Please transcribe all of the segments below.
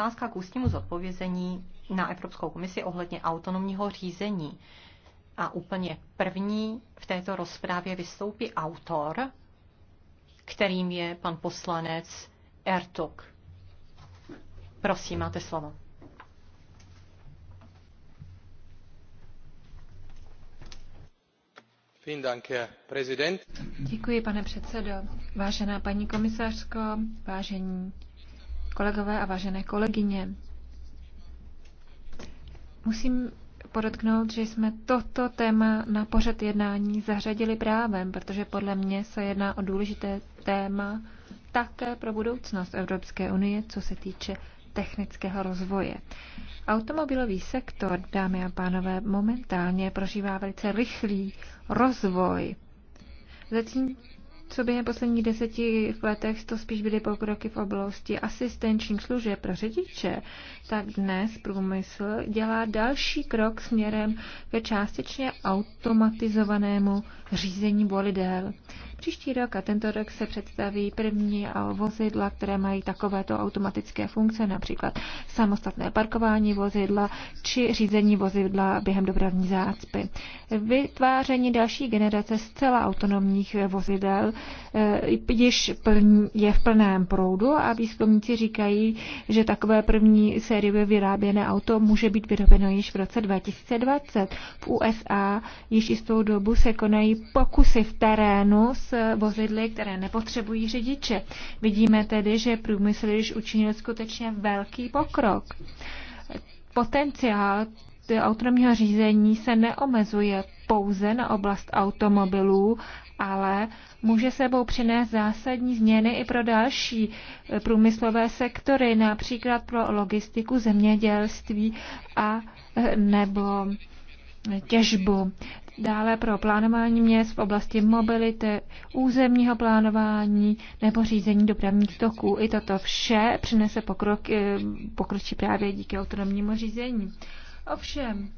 otázka k ústnímu zodpovězení na Evropskou komisi ohledně autonomního řízení. A úplně první v této rozprávě vystoupí autor, kterým je pan poslanec Ertuk. Prosím, máte slovo. Děkuji, pane předsedo. Vážená paní komisařko, vážení kolegové a vážené kolegyně. Musím podotknout, že jsme toto téma na pořad jednání zařadili právem, protože podle mě se jedná o důležité téma také pro budoucnost Evropské unie, co se týče technického rozvoje. Automobilový sektor, dámy a pánové, momentálně prožívá velice rychlý rozvoj. Zatím co během posledních deseti letech to spíš byly pokroky v oblasti asistenčních služeb pro řidiče, tak dnes průmysl dělá další krok směrem ke částečně automatizovanému řízení bolidel. Příští rok a tento rok se představí první vozidla, které mají takovéto automatické funkce, například samostatné parkování vozidla či řízení vozidla během dopravní zácpy. Vytváření další generace zcela autonomních vozidel eh, již je v plném proudu a výzkumníci říkají, že takové první sériově vyráběné auto může být vyrobeno již v roce 2020. V USA již jistou dobu se konají pokusy v terénu s vozidly, které nepotřebují řidiče. Vidíme tedy, že průmysl již učinil skutečně velký pokrok. Potenciál autonomního řízení se neomezuje pouze na oblast automobilů, ale může sebou přinést zásadní změny i pro další průmyslové sektory, například pro logistiku, zemědělství a nebo těžbu dále pro plánování měst v oblasti mobility, územního plánování nebo řízení dopravních toků. I toto vše přinese pokrok, eh, pokročí právě díky autonomnímu řízení. Ovšem,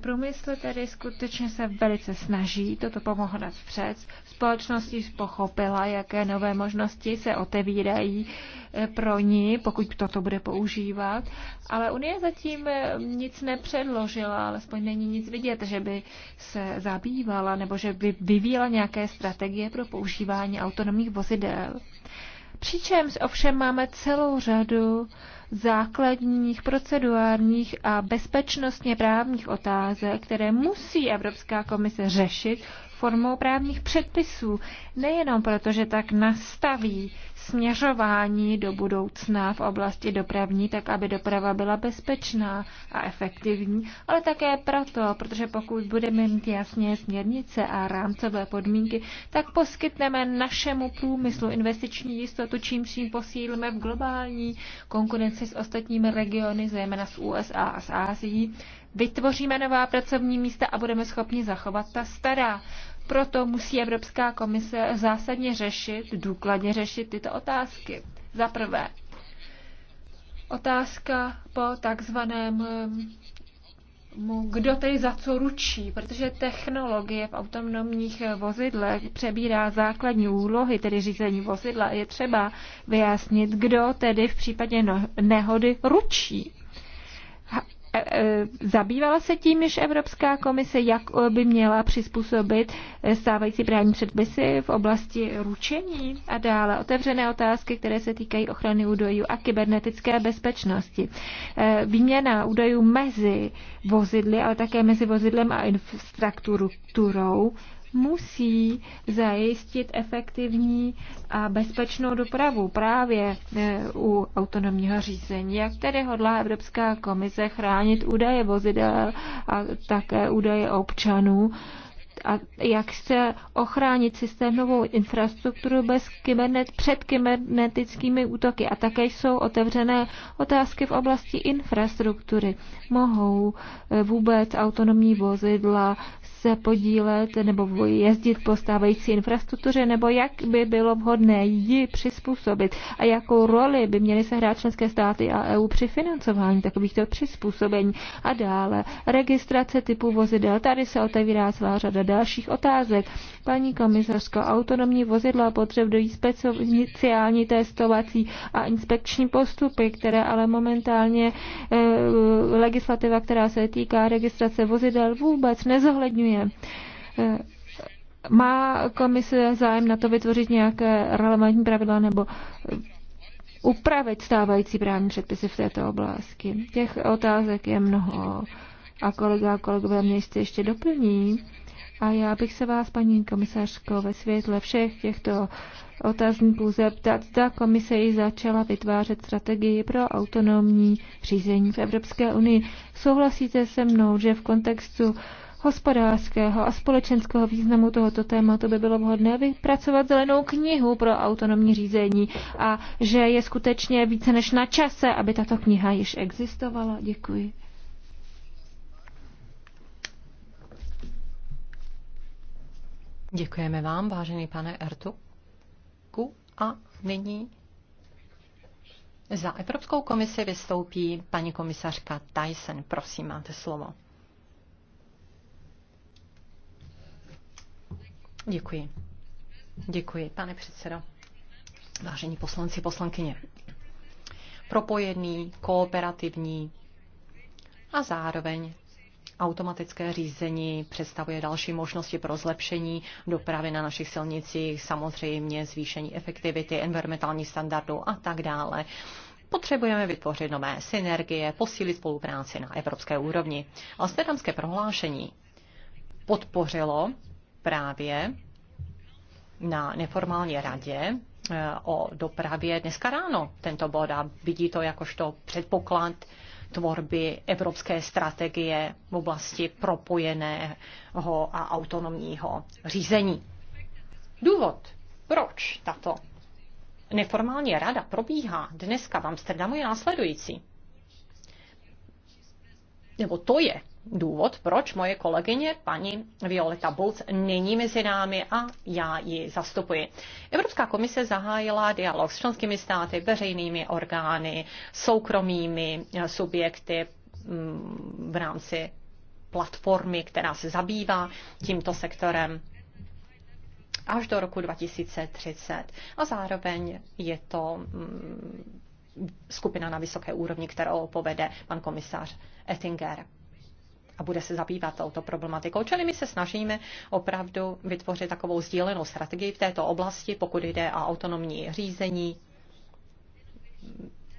Průmysl tedy skutečně se velice snaží toto pomohnat vpřed. Společnost již pochopila, jaké nové možnosti se otevírají eh, pro ní, pokud toto bude používat. Ale Unie zatím eh, nic nepředložila, alespoň není nic vidět, že by se zabývala nebo že by vyvíjela nějaké strategie pro používání autonomních vozidel. Přičemž ovšem máme celou řadu základních procedurálních a bezpečnostně právních otázek, které musí Evropská komise řešit formou právních předpisů. Nejenom proto, že tak nastaví směřování do budoucna v oblasti dopravní, tak aby doprava byla bezpečná a efektivní, ale také proto, protože pokud budeme mít jasně směrnice a rámcové podmínky, tak poskytneme našemu průmyslu investiční jistotu, čím vším posílíme v globální konkurenci s ostatními regiony, zejména s USA a s Ázií, vytvoříme nová pracovní místa a budeme schopni zachovat ta stará. Proto musí Evropská komise zásadně řešit, důkladně řešit tyto otázky. Za prvé, otázka po takzvaném kdo tedy za co ručí, protože technologie v autonomních vozidlech přebírá základní úlohy, tedy řízení vozidla. Je třeba vyjasnit, kdo tedy v případě no, nehody ručí. E, e, zabývala se tím, že Evropská komise, jak e, by měla přizpůsobit stávající právní předpisy v oblasti ručení a dále otevřené otázky, které se týkají ochrany údajů a kybernetické bezpečnosti. Výměna údajů mezi vozidly, ale také mezi vozidlem a infrastrukturou musí zajistit efektivní a bezpečnou dopravu právě e, u autonomního řízení. Jak tedy hodlá Evropská komise chránit údaje vozidel a také údaje občanů? a jak se ochránit systémovou infrastrukturu bez kybernet, před kybernetickými útoky. A také jsou otevřené otázky v oblasti infrastruktury. Mohou e, vůbec autonomní vozidla se podílet nebo jezdit po stávající infrastruktuře, nebo jak by bylo vhodné ji přizpůsobit a jakou roli by měly se hrát členské státy a EU při financování takovýchto přizpůsobení a dále. Registrace typu vozidel, tady se otevírá celá řada dalších otázek. Paní komisařko, autonomní vozidla potřebují speciální testovací a inspekční postupy, které ale momentálně e, legislativa, která se týká registrace vozidel, vůbec nezohledňuje. E, má komise zájem na to vytvořit nějaké relevantní pravidla nebo eh, upravit stávající právní předpisy v této oblasti? Těch otázek je mnoho a kolega a kolegové mě ještě doplní. A já bych se vás, paní komisařko, ve světle všech těchto otazníků zeptat, zda komise ji začala vytvářet strategii pro autonomní řízení v Evropské unii. Souhlasíte se mnou, že v kontextu hospodářského a společenského významu tohoto tématu by bylo vhodné vypracovat zelenou knihu pro autonomní řízení a že je skutečně více než na čase, aby tato kniha již existovala. Děkuji. Děkujeme vám, vážený pane Ku A nyní za Evropskou komisi vystoupí paní komisařka Tyson. Prosím, máte slovo. Děkuji. Děkuji, pane předsedo. Vážení poslanci, poslankyně. Propojený, kooperativní a zároveň Automatické řízení představuje další možnosti pro zlepšení dopravy na našich silnicích, samozřejmě zvýšení efektivity, environmentální standardů a tak dále. Potřebujeme vytvořit nové synergie, posílit spolupráci na evropské úrovni. Amsterdamské prohlášení podpořilo právě na neformální radě eh, o dopravě dneska ráno tento bod a vidí to jakožto předpoklad tvorby evropské strategie v oblasti propojeného a autonomního řízení. Důvod, proč tato neformální rada probíhá dneska v Amsterdamu, je následující. Nebo to je důvod, proč moje kolegyně paní Violeta Bulc není mezi námi a já ji zastupuji. Evropská komise zahájila dialog s členskými státy, veřejnými orgány, soukromými eh, subjekty mm, v rámci platformy, která se zabývá tímto sektorem až do roku 2030. A zároveň je to mm, skupina na vysoké úrovni, kterou povede pan komisař Ettinger a bude se zabývat touto problematikou. Čili my se snažíme opravdu vytvořit takovou sdílenou strategii v této oblasti, pokud jde o autonomní řízení,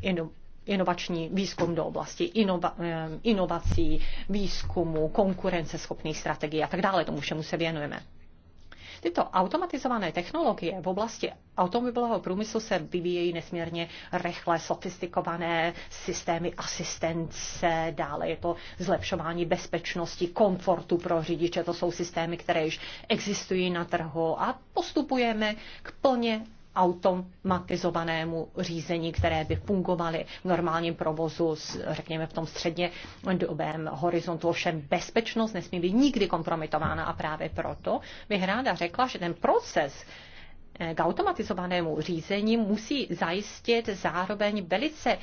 ino, inovační výzkum do oblasti inova, eh, inovací, výzkumu, konkurenceschopných strategií a tak dále. Tomu všemu se věnujeme. Tyto automatizované technologie v oblasti automobilového průmyslu se vyvíjejí nesmírně rychle, sofistikované systémy asistence, dále je to zlepšování bezpečnosti, komfortu pro řidiče, to jsou systémy, které již existují na trhu a postupujeme k plně automatizovanému řízení, které by fungovaly v normálním provozu, řekněme v tom středně dobém horizontu. Ovšem bezpečnost nesmí být nikdy kompromitována a právě proto bych ráda řekla, že ten proces eh, k automatizovanému řízení musí zajistit zároveň velice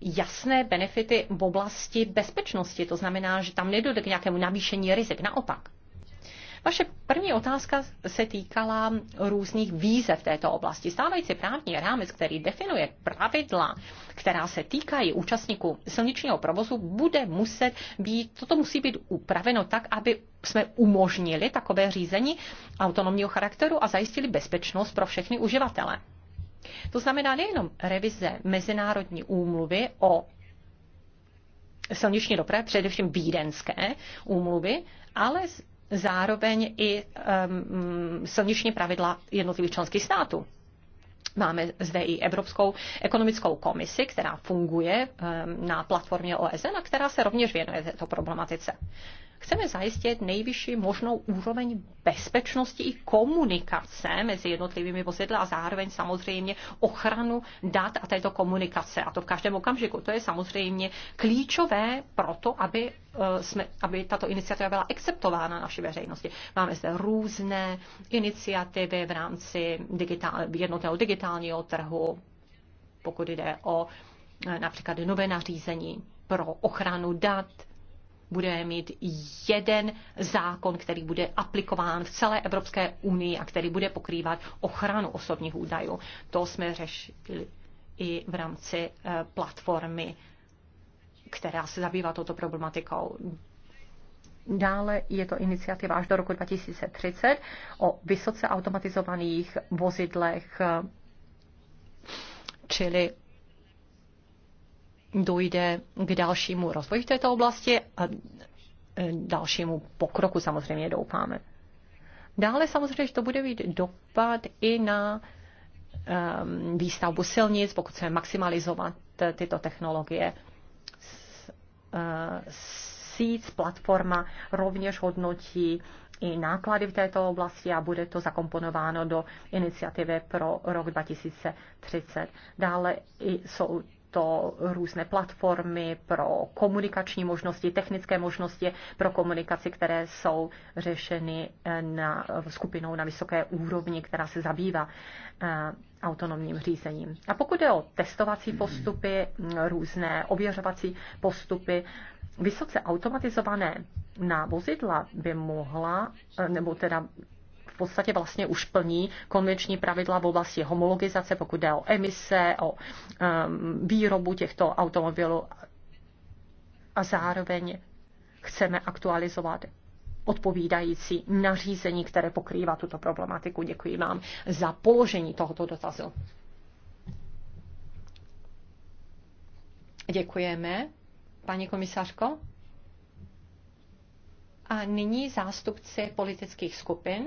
jasné benefity v oblasti bezpečnosti. To znamená, že tam nedojde k nějakému navýšení rizik. Naopak, vaše první otázka se týkala různých výzev v této oblasti. Stávající právní rámec, který definuje pravidla, která se týkají účastníků silničního provozu, bude muset být, toto musí být upraveno tak, aby jsme umožnili takové řízení autonomního charakteru a zajistili bezpečnost pro všechny uživatele. To znamená nejenom revize Mezinárodní úmluvy o silniční dopravě, především vídenské úmluvy, ale zároveň i um, silniční pravidla jednotlivých členských států. Máme zde i Evropskou ekonomickou komisi, která funguje na platformě OSN a která se rovněž věnuje této problematice. Chceme zajistit nejvyšší možnou úroveň bezpečnosti i komunikace mezi jednotlivými vozidly a zároveň samozřejmě ochranu dat a této komunikace. A to v každém okamžiku. To je samozřejmě klíčové pro to, aby, eh, jsme, aby tato iniciativa byla akceptována naší veřejnosti. Máme zde různé iniciativy v rámci digitál, jednotného digitálního trhu, pokud jde o eh, například nové nařízení pro ochranu dat, budeme mít jeden zákon, který bude aplikován v celé Evropské unii a který bude pokrývat ochranu osobních údajů. To jsme řešili i v rámci eh, platformy, která se zabývá touto problematikou. Dále je to iniciativa až do roku 2030 o vysoce automatizovaných vozidlech, eh, čili dojde k dalšímu rozvoji v této oblasti a e, dalšímu pokroku samozřejmě doufáme. Dále samozřejmě, že to bude mít dopad i na um, výstavbu silnic, pokud chceme maximalizovat e, tyto technologie. E, Síc, platforma rovněž hodnotí i náklady v této oblasti a bude to zakomponováno do iniciativy pro rok 2030. Dále jsou to různé platformy pro komunikační možnosti, technické možnosti pro komunikaci, které jsou řešeny eh, na, skupinou na vysoké úrovni, která se zabývá eh, autonomním řízením. A pokud je o testovací postupy, různé ověřovací postupy, vysoce automatizované na vozidla by mohla, eh, nebo teda v podstatě vlastně už plní konvenční pravidla v oblasti homologizace, pokud jde o emise, o um, výrobu těchto automobilů a zároveň chceme aktualizovat odpovídající nařízení, které pokrývá tuto problematiku. Děkuji vám za položení tohoto dotazu. Děkujeme, paní komisařko. A nyní zástupci politických skupin.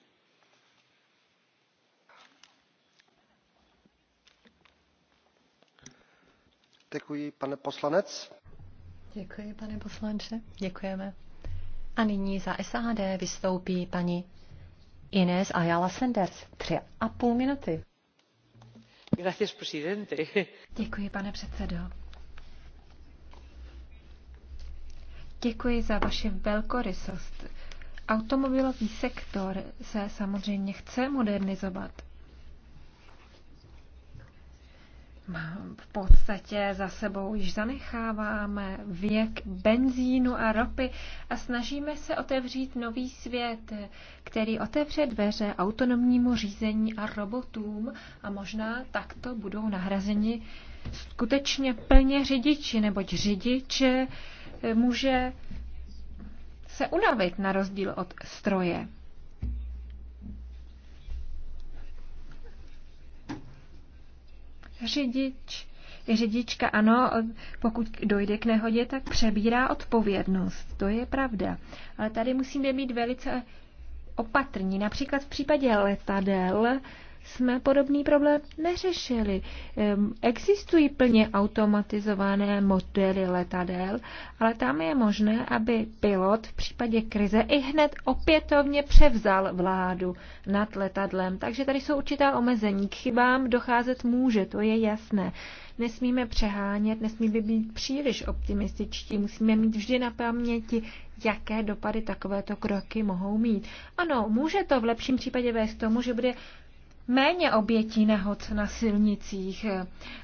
Děkuji, pane poslanec. Děkuji, pane poslanče. Děkujeme. A nyní za SAD vystoupí paní Inés Ayala Sanders. Tři a půl minuty. Gracias, presidente. Děkuji, pane předsedo. Děkuji za vaši velkorysost. Automobilový sektor se samozřejmě chce modernizovat. v podstatě za sebou již zanecháváme věk benzínu a ropy a snažíme se otevřít nový svět, který otevře dveře autonomnímu řízení a robotům a možná takto budou nahrazeni skutečně plně řidiči, neboť řidič eh, může se unavit na rozdíl od stroje. řidič, řidička, ano, pokud dojde k nehodě, tak přebírá odpovědnost. To je pravda. Ale tady musíme být velice opatrní. Například v případě letadel jsme podobný problém neřešili. Ehm, existují plně automatizované modely letadel, ale tam je možné, aby pilot v případě krize i hned opětovně převzal vládu nad letadlem. Takže tady jsou určitá omezení. K chybám docházet může, to je jasné. Nesmíme přehánět, nesmíme být příliš optimističtí, musíme mít vždy na paměti, jaké dopady takovéto kroky mohou mít. Ano, může to v lepším případě vést tomu, že bude méně obětí nehod na silnicích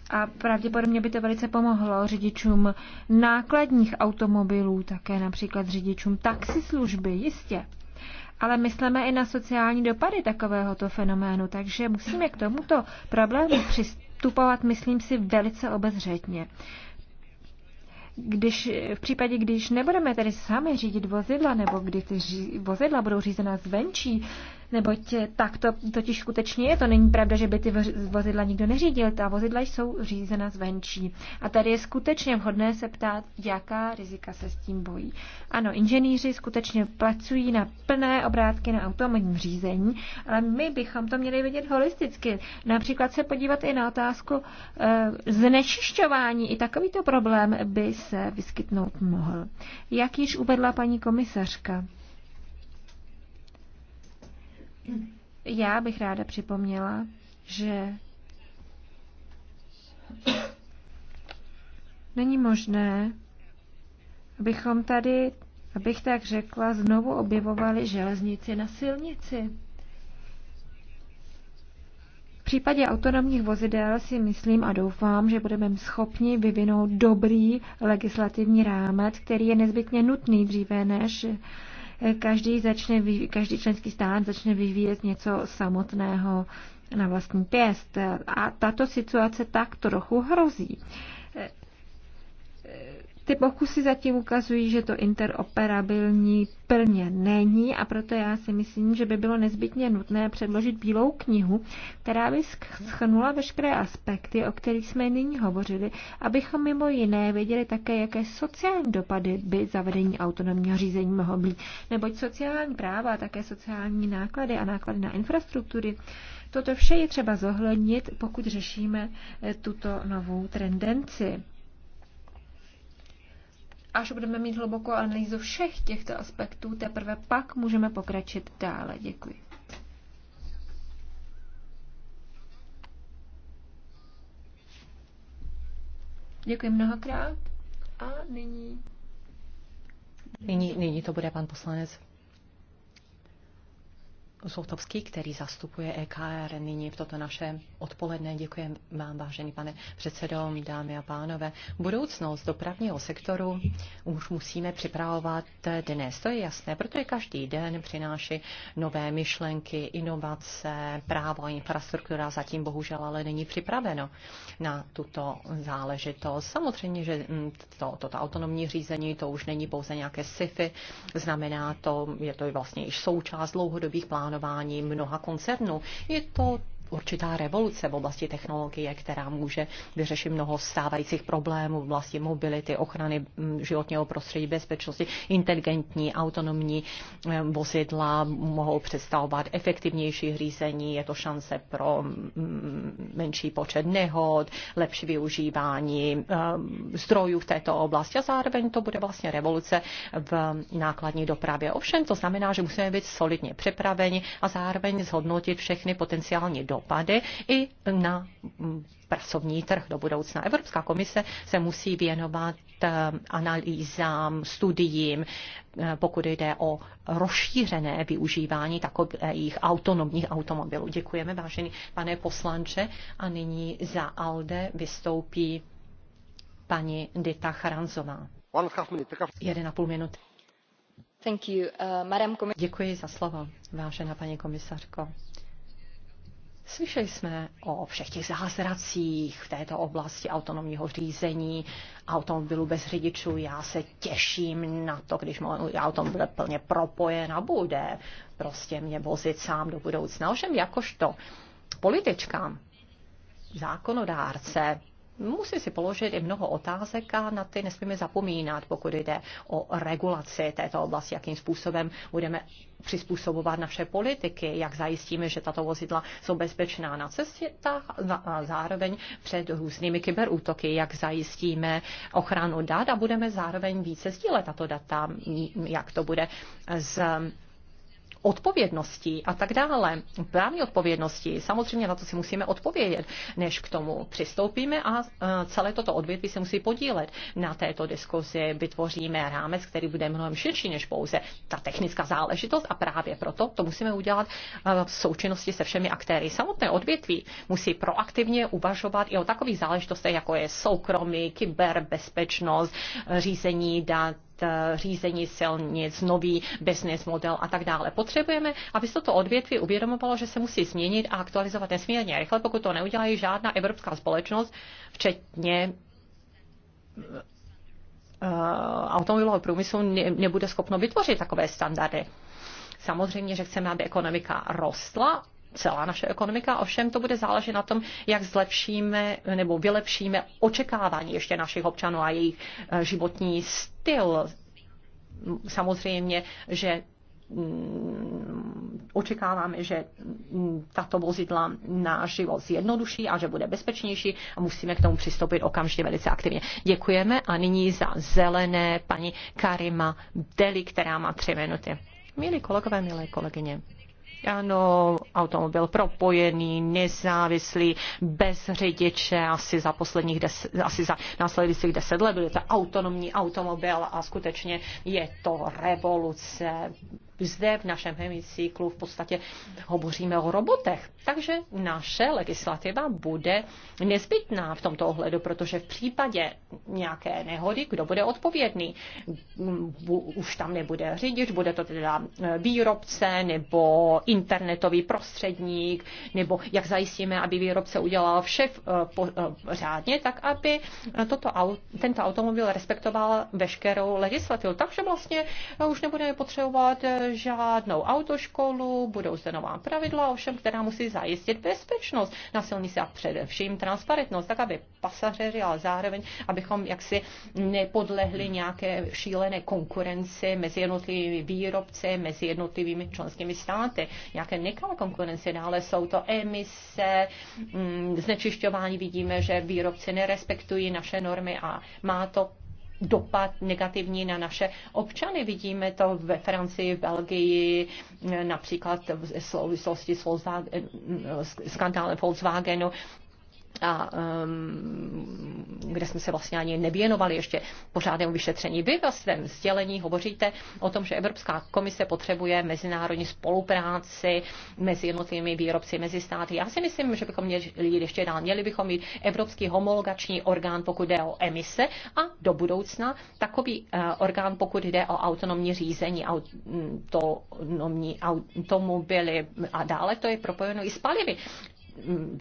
a pravděpodobně by to velice pomohlo řidičům nákladních automobilů, také například řidičům taxislužby, jistě. Ale myslíme i na sociální dopady takovéhoto fenoménu, takže musíme k tomuto problému přistupovat, myslím si, velice obezřetně když, v případě, když nebudeme tedy sami řídit vozidla, nebo kdy ty ří, vozidla budou řízena zvenčí, neboť tak to totiž skutečně je. To není pravda, že by ty vozidla nikdo neřídil, ta vozidla jsou řízena zvenčí. A tady je skutečně vhodné se ptát, jaká rizika se s tím bojí. Ano, inženýři skutečně pracují na plné obrátky na automobilním řízení, ale my bychom to měli vidět holisticky. Například se podívat i na otázku e, znečišťování. I takovýto problém by se vyskytnout mohl. Jak již uvedla paní komisařka, já bych ráda připomněla, že není možné, abychom tady, abych tak řekla, znovu objevovali železnici na silnici. V případě autonomních vozidel si myslím a doufám, že budeme schopni vyvinout dobrý legislativní rámec, který je nezbytně nutný dříve, než každý, začne, každý členský stát začne vyvíjet něco samotného na vlastní pěst. A tato situace tak trochu hrozí. Ty pokusy zatím ukazují, že to interoperabilní plně není a proto já si myslím, že by bylo nezbytně nutné předložit bílou knihu, která by schrnula veškeré aspekty, o kterých jsme nyní hovořili, abychom mimo jiné věděli také, jaké sociální dopady by zavedení autonomního řízení mohlo být. Neboť sociální práva a také sociální náklady a náklady na infrastruktury Toto vše je třeba zohlednit, pokud řešíme eh, tuto novou tendenci až budeme mít hlubokou analýzu všech těchto aspektů, teprve pak můžeme pokračit dále. Děkuji. Děkuji mnohokrát. A nyní... Nyní, nyní to bude pan poslanec Zlotovský, který zastupuje EKR nyní v toto naše odpoledne. Děkuji vám, vážený pane předsedo, dámy a pánové. Budoucnost dopravního sektoru už musíme připravovat dnes, to je jasné, protože každý den přináší nové myšlenky, inovace, právo a infrastruktura zatím bohužel ale není připraveno na tuto záležitost. Samozřejmě, že mm, to, toto autonomní řízení, to už není pouze nějaké sci-fi, znamená to, je to vlastně i součást dlouhodobých plánů plánování mnoha koncernů. Je to určitá revoluce v oblasti technologie, která může vyřešit mnoho stávajících problémů v oblasti mobility, ochrany mm, životního prostředí, bezpečnosti, inteligentní, autonomní eh, vozidla mohou představovat efektivnější řízení, je to šance pro mm, menší počet nehod, lepší využívání eh, zdrojů v této oblasti a zároveň to bude vlastně revoluce v nákladní dopravě. Ovšem to znamená, že musíme být solidně připraveni a zároveň zhodnotit všechny potenciální do dopady i na mm, pracovní trh do budoucna. Evropská komise se musí věnovat eh, analýzám, studiím, eh, pokud jde o rozšířené využívání takových autonomních automobilů. Děkujeme, vážený pane poslanče. A nyní za ALDE vystoupí paní Dita Charanzová. 1,5 minuty. Thank you, uh, Madam Děkuji za slovo, vážená paní komisařko. Slyšeli jsme o všech těch zázracích v této oblasti autonomního řízení automobilu bez řidičů. Já se těším na to, když můj automobil plně propojen a bude prostě mě vozit sám do budoucna. Ovšem jakožto političkám, zákonodárce, musí si položit i mnoho otázek a na ty nesmíme zapomínat, pokud jde o regulaci této oblasti, jakým způsobem budeme přizpůsobovat naše politiky, jak zajistíme, že tato vozidla jsou bezpečná na cestě a zároveň před různými kyberútoky, jak zajistíme ochranu dat a budeme zároveň více sdílet tato data, jak to bude s odpovědnosti a tak dále, právní odpovědnosti. Samozřejmě na to si musíme odpovědět, než k tomu přistoupíme a e, celé toto odvětví se musí podílet. Na této diskuzi vytvoříme rámec, který bude mnohem širší než pouze ta technická záležitost a právě proto to musíme udělat e, v součinnosti se všemi aktéry. Samotné odvětví musí proaktivně uvažovat i o takových záležitostech, jako je soukromí, kyberbezpečnost, řízení dat, Eh, řízení silnic, nový business model a tak dále. Potřebujeme, aby se toto odvětví uvědomovalo, že se musí změnit a aktualizovat nesmírně rychle, pokud to neudělají žádná evropská společnost, včetně eh, automobilového průmyslu nebude schopno vytvořit takové standardy. Samozřejmě, že chceme, aby ekonomika rostla, celá naše ekonomika, ovšem to bude záležet na tom, jak zlepšíme nebo vylepšíme očekávání ještě našich občanů a jejich eh, životní styl. Samozřejmě, že mm, očekáváme, že mm, tato vozidla náš život zjednoduší a že bude bezpečnější a musíme k tomu přistoupit okamžitě velice aktivně. Děkujeme a nyní za zelené paní Karima Deli, která má tři minuty. Milí kolegové, milé kolegyně. Ano, automobil propojený, nezávislý, bez řidiče, asi za posledních deset, asi za následujících deset let byl to autonomní automobil a skutečně je to revoluce zde v našem hemicyklu v podstatě hovoříme o robotech. Takže naše legislativa bude nezbytná v tomto ohledu, protože v případě nějaké nehody, kdo bude odpovědný? Už tam nebude řidič, bude to teda e, výrobce nebo internetový prostředník, nebo jak zajistíme, aby výrobce udělal vše e, e, řádně, tak aby toto, tento automobil respektoval veškerou legislativu. Takže vlastně už nebudeme potřebovat žádnou autoškolu, budou zde nová pravidla, ovšem, která musí zajistit bezpečnost na silnici a především transparentnost, tak aby pasažéři, ale zároveň, abychom jaksi nepodlehli nějaké šílené konkurenci mezi jednotlivými výrobci, mezi jednotlivými členskými státy. Nějaké nekalé konkurenci, dále jsou to emise, mm, znečišťování, vidíme, že výrobci nerespektují naše normy a má to dopad negativní na naše občany. Vidíme to ve Francii, v Belgii, například v souvislosti s skandálem Volkswagenu a um, kde jsme se vlastně ani nevěnovali ještě pořádnému vyšetření. Vy ve svém sdělení hovoříte o tom, že Evropská komise potřebuje mezinárodní spolupráci mezi jednotlivými výrobci, mezi státy. Já si myslím, že bychom měli jít ještě dál. Měli bychom mít Evropský homologační orgán, pokud jde o emise a do budoucna takový uh, orgán, pokud jde o autonomní řízení, autonomní automobily a dále. To je propojeno i s palivy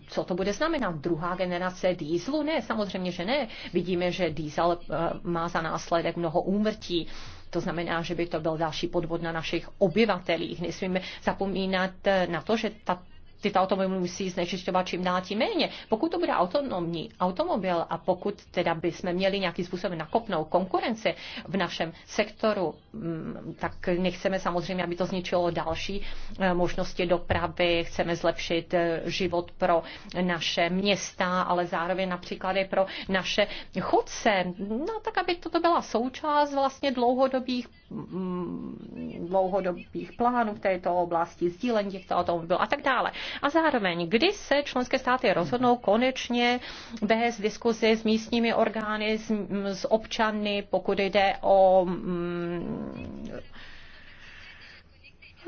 co to bude znamenat? Druhá generace dýzlu? Ne, samozřejmě, že ne. Vidíme, že dýzel eh, má za následek mnoho úmrtí. To znamená, že by to byl další podvod na našich obyvatelích. Nesmíme zapomínat eh, na to, že ta ty automobily musí znečišťovat čím dál tím méně. Pokud to bude autonomní automobil a pokud teda bychom měli nějaký způsob nakopnout konkurenci v našem sektoru, mm, tak nechceme samozřejmě, aby to zničilo další eh, možnosti dopravy, chceme zlepšit eh, život pro naše města, ale zároveň například i pro naše chodce, no tak aby toto byla součást vlastně dlouhodobých mm, dlouhodobých plánů v této oblasti, sdílení těchto automobilů a tak dále. A zároveň, kdy se členské státy rozhodnou konečně bez diskuzi s místními orgány, s, s občany, pokud jde o mm,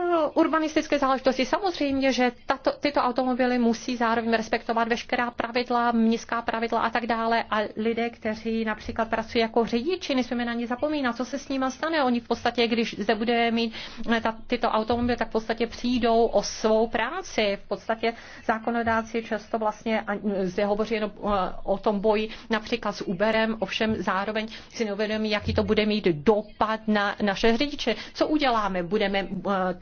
Eh, urbanistické záležitosti. Samozřejmě, že tato, tyto automobily musí zároveň respektovat veškerá pravidla, městská pravidla a tak dále. A lidé, kteří například pracují jako řidiči, nesmíme na ně zapomínat, co se s nimi stane. Oni v podstatě, když zde bude mít eh, ta, tyto automobily, tak v podstatě přijdou o svou práci. V podstatě zákonodáci často vlastně eh, zde hovoří jenom o tom boji například s Uberem, ovšem zároveň si neuvědomí, jaký to bude mít dopad na naše řidiče. Co uděláme? Budeme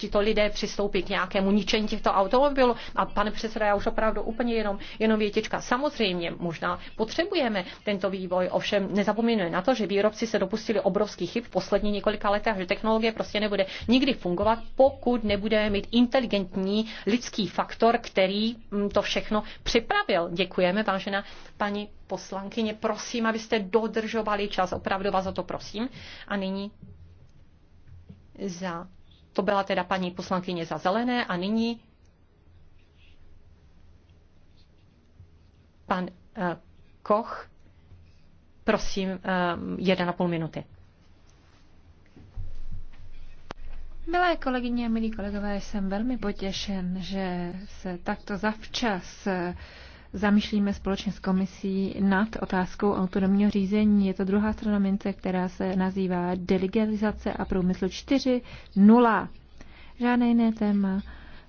tito lidé přistoupí k nějakému ničení těchto automobilů. A pane předseda, já už opravdu úplně jenom, jenom větička. Samozřejmě možná potřebujeme tento vývoj, ovšem nezapomínáme na to, že výrobci se dopustili obrovský chyb v poslední několika letech, že technologie prostě nebude nikdy fungovat, pokud nebudeme mít inteligentní lidský faktor, který mm, to všechno připravil. Děkujeme, vážená paní poslankyně. Prosím, abyste dodržovali čas. Opravdu vás o to prosím. A nyní za to byla teda paní poslankyně za zelené a nyní pan eh, Koch, prosím, eh, jeden a půl minuty. Milé kolegyně, milí kolegové, jsem velmi potěšen, že se takto zavčas eh, zamýšlíme společně s komisí nad otázkou autonomního řízení. Je to druhá strana mince, která se nazývá delegalizace a průmysl 4.0. Žádné jiné téma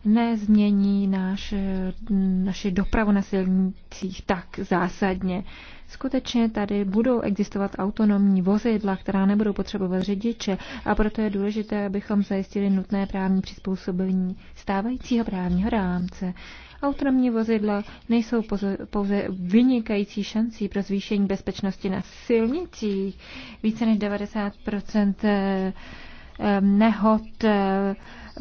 nezmění náš, naši dopravu na silnicích tak zásadně. Skutečně tady budou existovat autonomní vozidla, která nebudou potřebovat řidiče a proto je důležité, abychom zajistili nutné právní přizpůsobení stávajícího právního rámce. Autonomní vozidla nejsou pouze vynikající šancí pro zvýšení bezpečnosti na silnicích. Více než 90 nehod eh,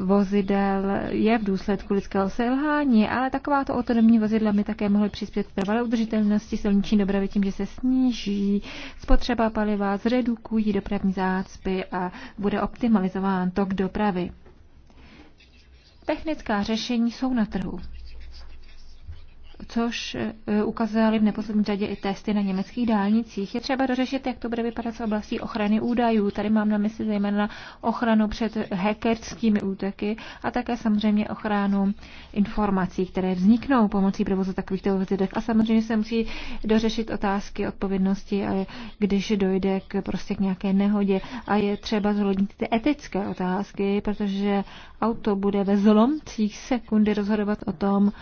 vozidel je v důsledku lidského selhání, ale takováto autonomní vozidla by také mohly přispět k trvalé udržitelnosti silniční dopravy tím, že se sníží spotřeba paliva, zredukují dopravní zácpy a bude optimalizován tok dopravy. Technická řešení jsou na trhu což eh, ukazovaly v neposlední řadě i testy na německých dálnicích. Je třeba dořešit, jak to bude vypadat v oblasti ochrany údajů. Tady mám na mysli zejména ochranu před hackerskými útoky a také samozřejmě ochranu informací, které vzniknou pomocí provozu takovýchto vozidel. A samozřejmě se musí dořešit otázky odpovědnosti, a když dojde k prostě k nějaké nehodě. A je třeba zhodnit ty etické otázky, protože auto bude ve zlomcích sekundy rozhodovat o tom,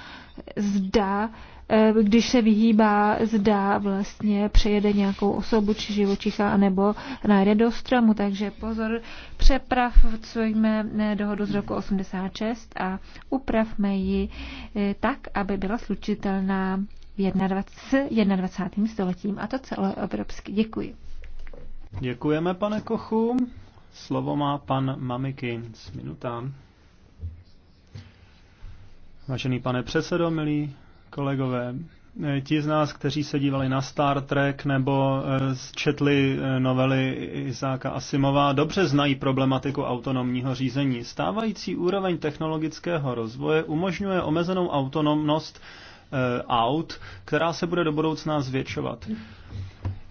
zda, eh, když se vyhýbá, zda vlastně přejede nějakou osobu či živočicha, anebo najde do stromu. Takže pozor, přepravcujme eh, dohodu z roku 86 a upravme ji eh, tak, aby byla slučitelná v 21, 21. stoletím a to celoevropsky. Děkuji. Děkujeme, pane Kochu. Slovo má pan Mamikins. minutám. Vážený pane předsedo, milí kolegové, ti z nás, kteří se dívali na Star Trek nebo eh, četli eh, novely Izáka Asimova, dobře znají problematiku autonomního řízení. Stávající úroveň technologického rozvoje umožňuje omezenou autonomnost eh, aut, která se bude do budoucna zvětšovat.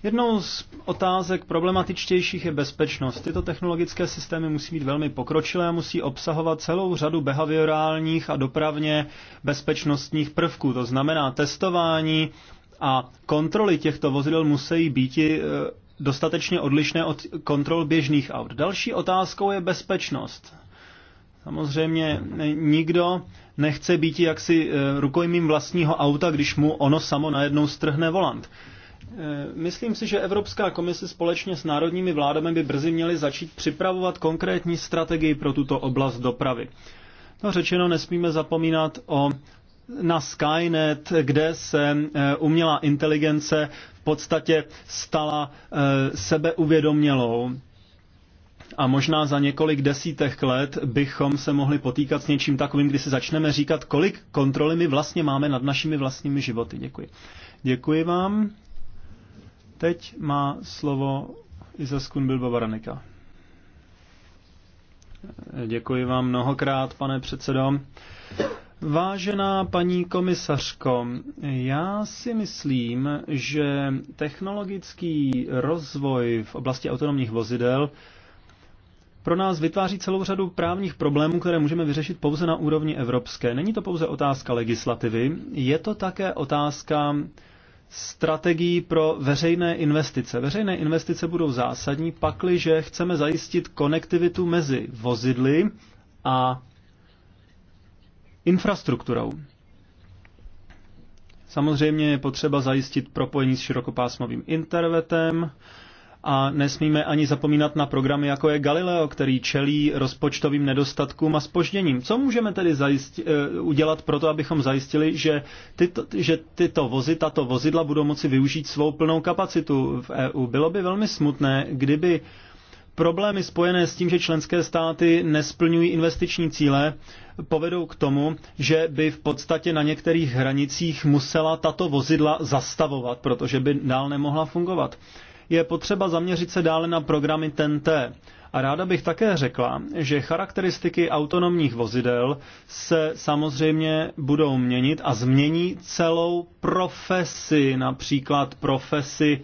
Jednou z otázek problematičtějších je bezpečnost. Tyto technologické systémy musí být velmi pokročilé a musí obsahovat celou řadu behaviorálních a dopravně bezpečnostních prvků. To znamená testování a kontroly těchto vozidel musí být eh, dostatečně odlišné od kontrol běžných aut. Další otázkou je bezpečnost. Samozřejmě nikdo nechce být jaksi eh, rukojmím vlastního auta, když mu ono samo najednou strhne volant. Eh, myslím si, že Evropská komise společně s národními vládami by brzy měly začít připravovat konkrétní strategii pro tuto oblast dopravy. No řečeno, nesmíme zapomínat o na Skynet, kde se eh, umělá inteligence v podstatě stala eh, sebeuvědomělou. A možná za několik desítek let bychom se mohli potýkat s něčím takovým, kdy si začneme říkat, kolik kontroly my vlastně máme nad našimi vlastními životy. Děkuji. Děkuji vám. Teď má slovo Izaskun Bilbo Baranika. Děkuji vám mnohokrát, pane předsedo. Vážená paní komisařko, já si myslím, že technologický rozvoj v oblasti autonomních vozidel pro nás vytváří celou řadu právních problémů, které můžeme vyřešit pouze na úrovni evropské. Není to pouze otázka legislativy, je to také otázka strategií pro veřejné investice. Veřejné investice budou zásadní, pakliže chceme zajistit konektivitu mezi vozidly a infrastrukturou. Samozřejmě je potřeba zajistit propojení s širokopásmovým internetem, a nesmíme ani zapomínat na programy, jako je Galileo, který čelí rozpočtovým nedostatkům a spožděním. Co můžeme tedy zajistit, eh, udělat pro to, abychom zajistili, že tyto, že tyto vozy, tato vozidla budou moci využít svou plnou kapacitu v EU? Bylo by velmi smutné, kdyby problémy spojené s tím, že členské státy nesplňují investiční cíle, povedou k tomu, že by v podstatě na některých hranicích musela tato vozidla zastavovat, protože by dál nemohla fungovat je potřeba zaměřit se dále na programy TNT. A ráda bych také řekla, že charakteristiky autonomních vozidel se samozřejmě budou měnit a změní celou profesi, například profesi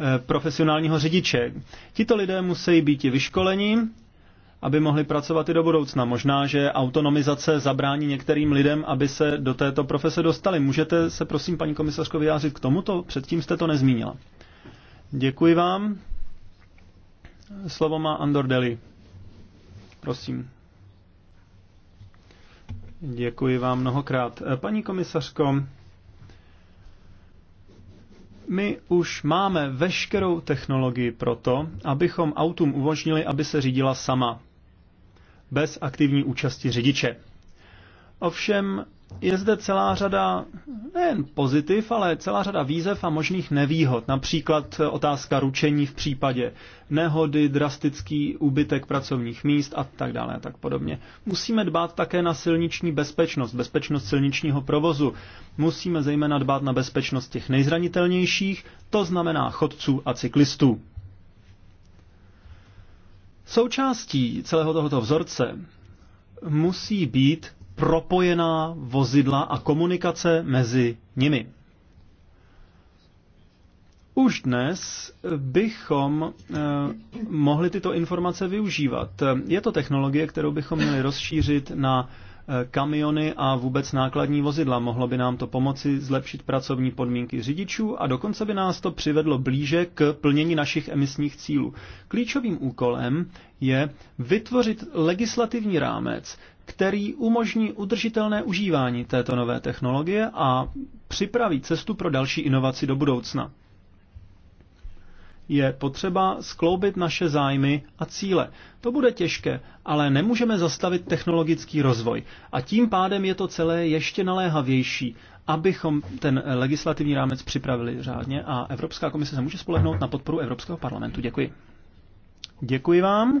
eh, profesionálního řidiče. Tito lidé musí být i vyškoleni, aby mohli pracovat i do budoucna. Možná, že autonomizace zabrání některým lidem, aby se do této profese dostali. Můžete se prosím, paní komisařko, vyjádřit k tomuto? Předtím jste to nezmínila. Děkuji vám. Slovo má Andor Deli. Prosím. Děkuji vám mnohokrát. Paní komisařko, my už máme veškerou technologii pro to, abychom autům umožnili, aby se řídila sama, bez aktivní účasti řidiče. Ovšem je zde celá řada nejen pozitiv, ale celá řada výzev a možných nevýhod. Například otázka ručení v případě nehody, drastický úbytek pracovních míst a tak dále a tak podobně. Musíme dbát také na silniční bezpečnost, bezpečnost silničního provozu. Musíme zejména dbát na bezpečnost těch nejzranitelnějších, to znamená chodců a cyklistů. Součástí celého tohoto vzorce musí být propojená vozidla a komunikace mezi nimi. Už dnes bychom eh, mohli tyto informace využívat. Je to technologie, kterou bychom měli rozšířit na eh, kamiony a vůbec nákladní vozidla. Mohlo by nám to pomoci zlepšit pracovní podmínky řidičů a dokonce by nás to přivedlo blíže k plnění našich emisních cílů. Klíčovým úkolem je vytvořit legislativní rámec, který umožní udržitelné užívání této nové technologie a připraví cestu pro další inovaci do budoucna. Je potřeba skloubit naše zájmy a cíle. To bude těžké, ale nemůžeme zastavit technologický rozvoj. A tím pádem je to celé ještě naléhavější, abychom ten legislativní rámec připravili řádně a Evropská komise se může spolehnout na podporu Evropského parlamentu. Děkuji. Děkuji vám.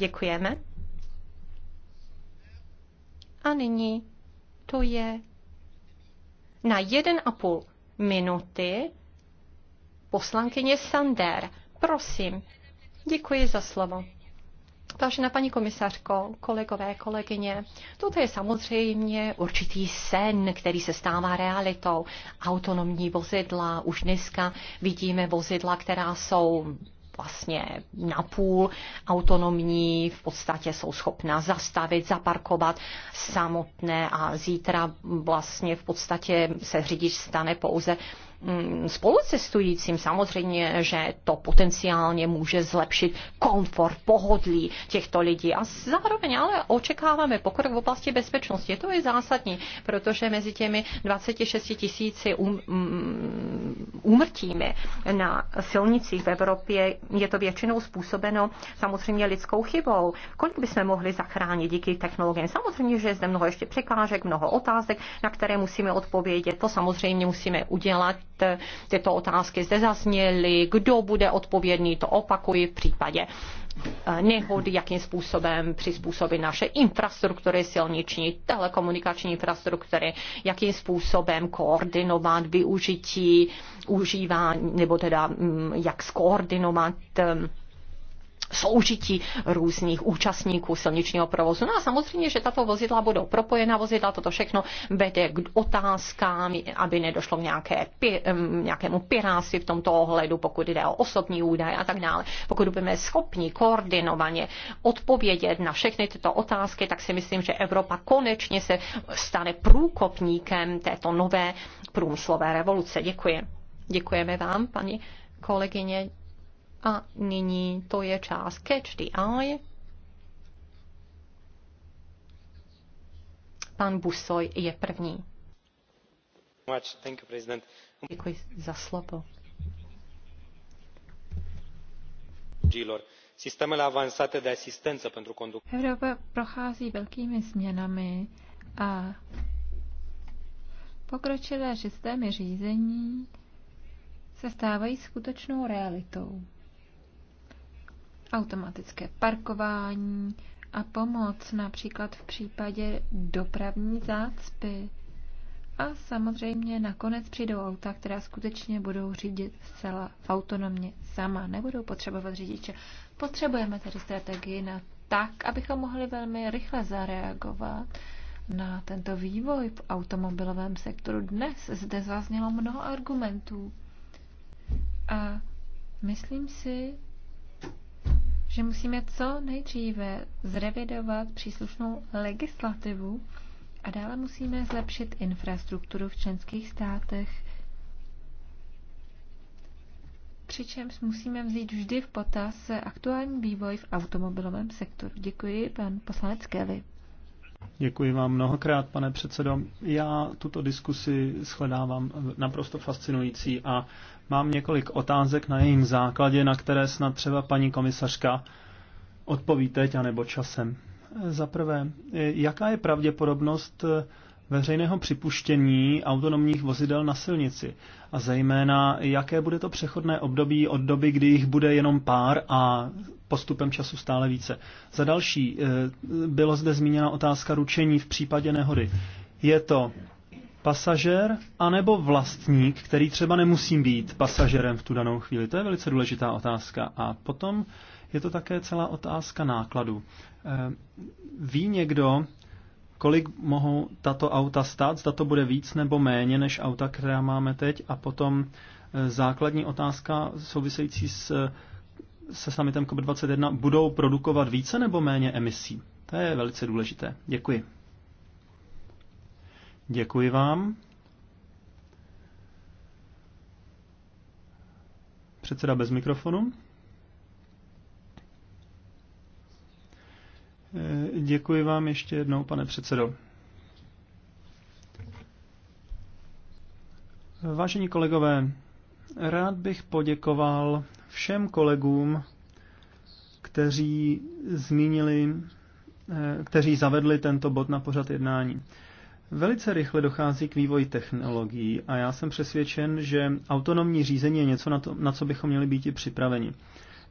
Děkujeme. A nyní to je na jeden a půl minuty poslankyně Sander. Prosím. Děkuji za slovo. Vážená paní komisařko, kolegové, kolegyně, toto je samozřejmě určitý sen, který se stává realitou. Autonomní vozidla, už dneska vidíme vozidla, která jsou vlastně napůl autonomní, v podstatě jsou schopna zastavit, zaparkovat samotné a zítra vlastně v podstatě se řidič stane pouze Mm, spolucestujícím samozřejmě, že to potenciálně může zlepšit komfort, pohodlí těchto lidí. A zároveň ale očekáváme pokrok v oblasti bezpečnosti. To je zásadní, protože mezi těmi 26 tisíci um, mm, úmrtími um, um, na silnicích v Evropě je to většinou způsobeno samozřejmě lidskou chybou. Kolik bychom mohli zachránit díky technologiím? Samozřejmě, že je zde mnoho ještě překážek, mnoho otázek, na které musíme odpovědět. To samozřejmě musíme udělat Eh, tyto otázky zde zazněly. Kdo bude odpovědný, to opakuji v případě eh, nehody, jakým způsobem přizpůsobit naše infrastruktury silniční, telekomunikační infrastruktury, jakým způsobem koordinovat využití, užívání, nebo teda mm, jak skoordinovat mm, soužití různých účastníků silničního provozu. No a samozřejmě, že tato vozidla budou propojená vozidla, toto všechno vede k otázkám, aby nedošlo k nějaké, nějakému piráci v tomto ohledu, pokud jde o osobní údaje a tak dále. Pokud budeme schopni koordinovaně odpovědět na všechny tyto otázky, tak si myslím, že Evropa konečně se stane průkopníkem této nové průmyslové revoluce. Děkuji. Děkujeme vám, paní kolegyně. A nyní to je část Catch the Eye. Pan Busoj je první. Děkuji za slovo. Evropa prochází velkými změnami a pokročilé systémy řízení se stávají skutečnou realitou automatické parkování a pomoc například v případě dopravní zácpy. A samozřejmě nakonec přijdou auta, která skutečně budou řídit zcela autonomně sama, nebudou potřebovat řidiče. Potřebujeme tedy strategii na tak, abychom mohli velmi rychle zareagovat na tento vývoj v automobilovém sektoru. Dnes zde zaznělo mnoho argumentů a myslím si, že musíme co nejdříve zrevidovat příslušnou legislativu a dále musíme zlepšit infrastrukturu v členských státech. Přičemž musíme vzít vždy v potaz aktuální vývoj v automobilovém sektoru. Děkuji, pan poslanec Kelly. Děkuji vám mnohokrát, pane předsedo. Já tuto diskusi shledávám naprosto fascinující a Mám několik otázek na jejím základě, na které snad třeba paní komisařka odpoví teď anebo časem. Za prvé, jaká je pravděpodobnost veřejného připuštění autonomních vozidel na silnici? A zejména, jaké bude to přechodné období od doby, kdy jich bude jenom pár a postupem času stále více? Za další, eh, bylo zde zmíněna otázka ručení v případě nehody. Je to pasažér anebo vlastník, který třeba nemusí být pasažerem v tu danou chvíli? To je velice důležitá otázka. A potom je to také celá otázka nákladu. Eh, ví někdo, kolik mohou tato auta stát? Zda to bude víc nebo méně než auta, která máme teď? A potom eh, základní otázka související s, se summitem COP21. Budou produkovat více nebo méně emisí? To je velice důležité. Děkuji. Děkuji vám. Předseda bez mikrofonu. Eh, děkuji vám ještě jednou, pane předsedo. Vážení kolegové, rád bych poděkoval všem kolegům, kteří zmínili, eh, kteří zavedli tento bod na pořad jednání. Velice rychle dochází k vývoji technologií a já jsem přesvědčen, že autonomní řízení je něco, na, to, na co bychom měli být i připraveni.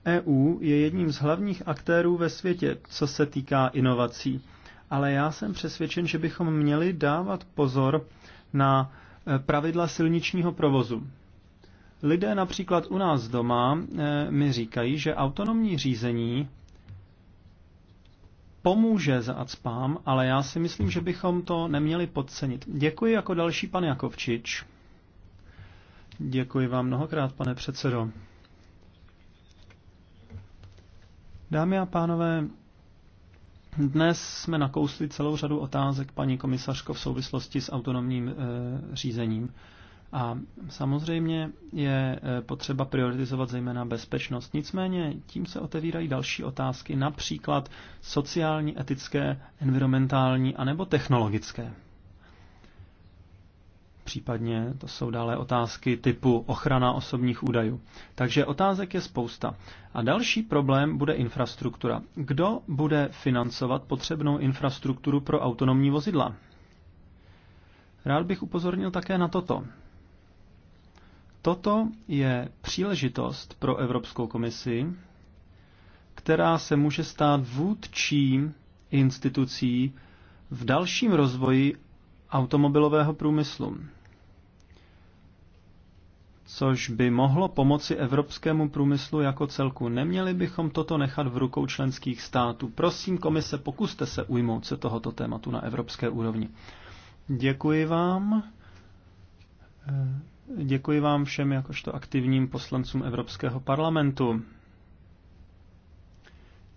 EU je jedním z hlavních aktérů ve světě, co se týká inovací, ale já jsem přesvědčen, že bychom měli dávat pozor na e, pravidla silničního provozu. Lidé například u nás doma e, mi říkají, že autonomní řízení pomůže za ACPAM, ale já si myslím, že bychom to neměli podcenit. Děkuji jako další pan Jakovčič. Děkuji vám mnohokrát, pane předsedo. Dámy a pánové, dnes jsme nakousli celou řadu otázek paní komisařko v souvislosti s autonomním e, řízením. A samozřejmě je e, potřeba prioritizovat zejména bezpečnost. Nicméně tím se otevírají další otázky, například sociální, etické, environmentální anebo technologické. Případně to jsou dále otázky typu ochrana osobních údajů. Takže otázek je spousta. A další problém bude infrastruktura. Kdo bude financovat potřebnou infrastrukturu pro autonomní vozidla? Rád bych upozornil také na toto. Toto je příležitost pro Evropskou komisi, která se může stát vůdčím institucí v dalším rozvoji automobilového průmyslu, což by mohlo pomoci evropskému průmyslu jako celku. Neměli bychom toto nechat v rukou členských států. Prosím, komise, pokuste se ujmout se tohoto tématu na evropské úrovni. Děkuji vám. Děkuji vám všem jakožto aktivním poslancům Evropského parlamentu.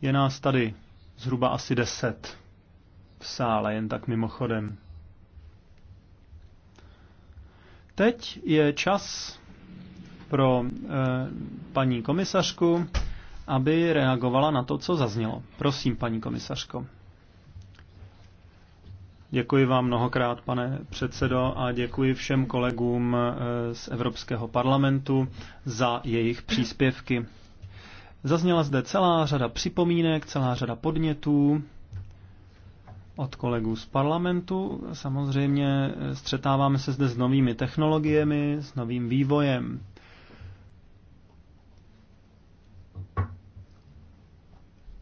Je nás tady zhruba asi deset v sále, jen tak mimochodem. Teď je čas pro e, paní komisařku, aby reagovala na to, co zaznělo. Prosím, paní komisařko. Děkuji vám mnohokrát, pane předsedo, a děkuji všem kolegům eh, z Evropského parlamentu za jejich příspěvky. Zazněla zde celá řada připomínek, celá řada podnětů od kolegů z parlamentu. Samozřejmě eh, střetáváme se zde s novými technologiemi, s novým vývojem.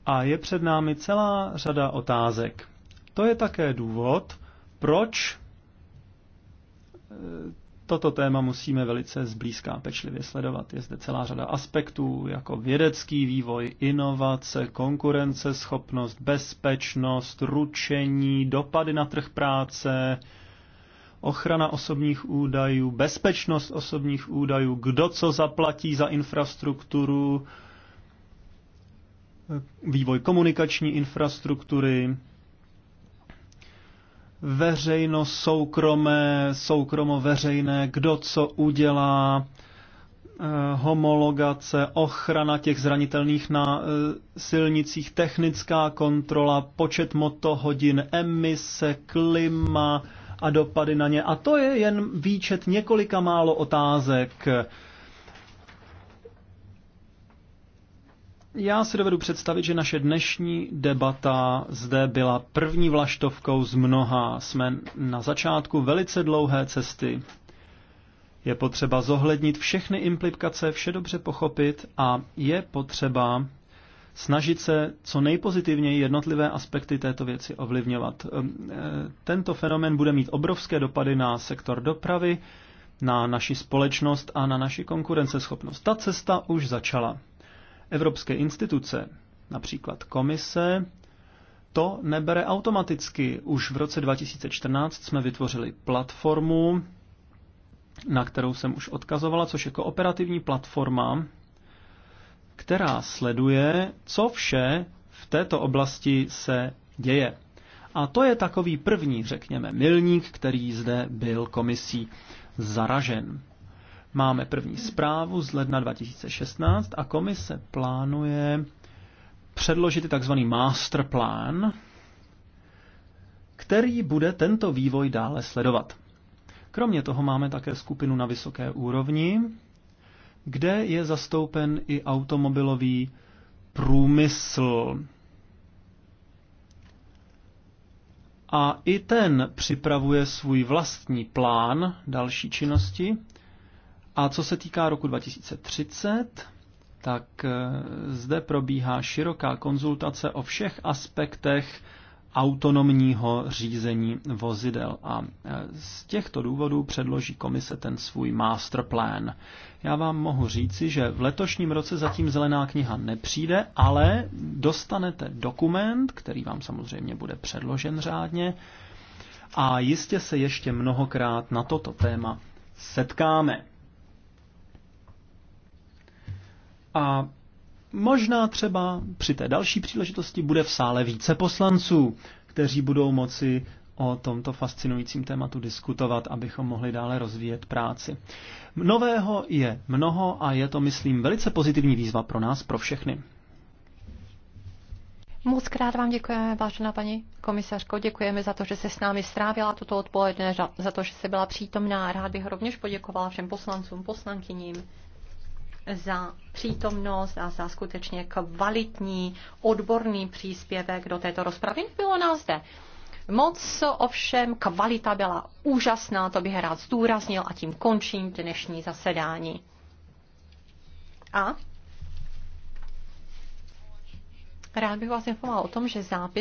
A je před námi celá řada otázek to je také důvod, proč eh, toto téma musíme velice a pečlivě sledovat. Je zde celá řada aspektů, jako vědecký vývoj, inovace, konkurenceschopnost, bezpečnost, ručení, dopady na trh práce, ochrana osobních údajů, bezpečnost osobních údajů, kdo co zaplatí za infrastrukturu, eh, vývoj komunikační infrastruktury, veřejno, soukromé, soukromo, veřejné, kdo co udělá, eh, homologace, ochrana těch zranitelných na eh, silnicích, technická kontrola, počet motohodin, emise, klima a dopady na ně. A to je jen výčet několika málo otázek, Já si dovedu představit, že naše dnešní debata zde byla první vlaštovkou z mnoha. Jsme na začátku velice dlouhé cesty. Je potřeba zohlednit všechny implikace, vše dobře pochopit a je potřeba snažit se co nejpozitivněji jednotlivé aspekty této věci ovlivňovat. Ehm, eh, tento fenomen bude mít obrovské dopady na sektor dopravy, na naši společnost a na naši konkurenceschopnost. Ta cesta už začala. Evropské instituce, například komise, to nebere automaticky. Už v roce 2014 jsme vytvořili platformu, na kterou jsem už odkazovala, což je kooperativní platforma, která sleduje, co vše v této oblasti se děje. A to je takový první, řekněme, milník, který zde byl komisí zaražen. Máme první zprávu z ledna 2016 a komise plánuje předložit takzvaný plan, který bude tento vývoj dále sledovat. Kromě toho máme také skupinu na vysoké úrovni, kde je zastoupen i automobilový průmysl. A i ten připravuje svůj vlastní plán další činnosti, a co se týká roku 2030, tak eh, zde probíhá široká konzultace o všech aspektech autonomního řízení vozidel. A eh, z těchto důvodů předloží komise ten svůj plan. Já vám mohu říci, že v letošním roce zatím zelená kniha nepřijde, ale dostanete dokument, který vám samozřejmě bude předložen řádně. A jistě se ještě mnohokrát na toto téma setkáme. A možná třeba při té další příležitosti bude v sále více poslanců, kteří budou moci o tomto fascinujícím tématu diskutovat, abychom mohli dále rozvíjet práci. Nového je mnoho a je to, myslím, velice pozitivní výzva pro nás, pro všechny. Moc krát vám děkujeme, vážená paní komisařko, děkujeme za to, že se s námi strávila toto odpoledne, za to, že se byla přítomná. Rád bych rovněž poděkovala všem poslancům, poslankyním za přítomnost a za skutečně kvalitní odborný příspěvek do této rozpravy. Bylo nás zde moc, ovšem kvalita byla úžasná, to bych rád zdůraznil a tím končím dnešní zasedání. A rád bych vás informoval o tom, že zápis